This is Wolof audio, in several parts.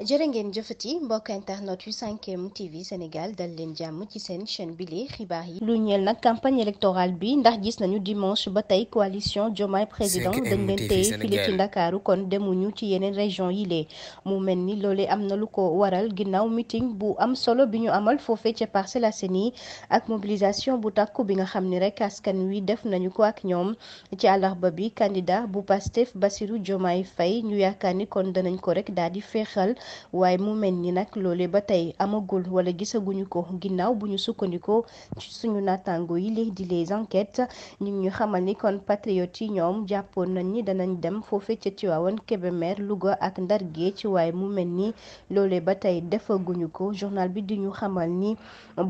jërë ngeen jëfati mbokk internet yu 5M TV Sénégal dal leen jàmm ci seen chaine bile xibaar yi. lu ñeel nag campagne électorale bi ndax gis nañu dimanche ba tey coalition Diomaye président dañ leen téye file ndakaaru kon demuñu ci yeneen région yi lee mu mel ni loolee am na lu ko waral ginnaaw meeting bu am solo bi ñu amal foofee ca Parcelles Assainies ak mobilisation bu takku bi nga xam ni rek askan wi def nañu ko ak ñoom ci àllarba bi candidat bu Pastef Bassirou Diomaye Faye ñu yaakaar ni kon danañ ko rek daal di féexal. waaye mu mel ni nag loole ba tey amagul wala gisaguñu ko ginnaaw bu ñu sukkandiku ci suñu naataango yi lii di les enquêtes ñu xamal ni kon patriotes yi ñoom jàppoon nañ ni danañ dem foofee ca Tiwaawan Kébémer Louga ak Ndar Géej waaye mu mel ni loole ba tey defaguñu ko journal bi di ñu xamal ni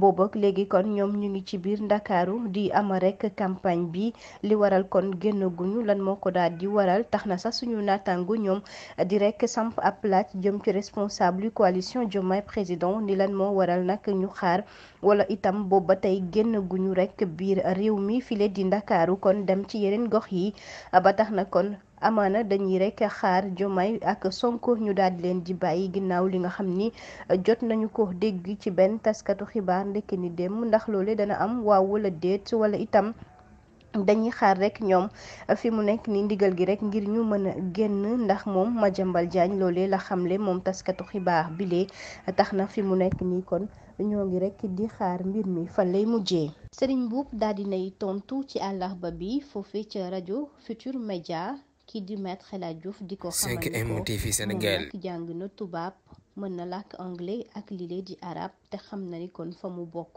boobu léegi kon ñoom ñu ngi ci biir Ndakaaru di ama rek campagne bi li waral kon génnaguñu lan moo ko daal di waral tax na sax suñu naataango ñoom samp ab laaj jëm ci responsable yu coalition Diomaye président ni lan moo waral nag ñu xaar wala itam boobu ba tey génn guñu rek biir réew mi file di ndakaaru kon dem ci yeneen gox yi ba tax na kon amaana dañuy rek xaar Diomaye ak Sonko ñu daal di leen di bàyyi ginnaaw li nga xam ni jot nañu ko dégg ci benn taskatu xibaar ndekki ni dem ndax loole dana am waaw wala déet wala itam. dañuy xaar rek ñoom fi mu nekk ni ndigal gi rek ngir ñu mën a génn ndax moom Madiambal Diagne loole la xamle moom taskatu xibaar bile tax na fi mu nekk nii kon ñoo ngi rek di xaar mbir mi fan lay mujjee. Serigne Mboup daal di nay tontu ci ba bi foofee ca rajo Futur Media ki di maître El Hadj Diouf di ko. xamal ko 5M TV jàng na tubaab. mën na làkk anglais ak lile di arab te xam na ni kon fa mu bokk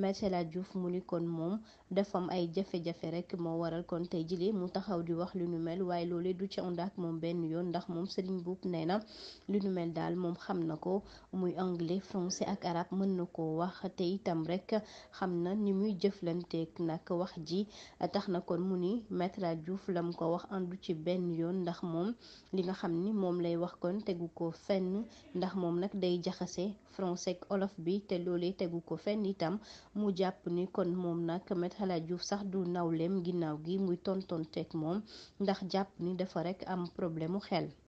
Maître El juuf mu ni kon moom dafa ay jafe-jafe rek moo waral kon tey jile mu taxaw di wax lu nu mel waaye loole du ci ànd ak moom benn yoon ndax moom Serigne Mboup nee na lu nu mel daal moom xam na ko muy anglais français ak arab mën na koo wax te itam rek xam na ni muy jëflanteek nag wax ji tax na kon mu ni Maître El Hadji Diouf lam ko wax àndu ci benn yoon ndax moom li nga xam ni moom lay wax kon tegu ko fenn ndax moom nag day jaxase français olof bi te loolee tegu ko fenn itam mu jàpp ni kon moom nag Maître El Hadji sax du nawleem ginnaaw gi muy tontonteeg moom ndax jàpp ni dafa rek am problème mu xel.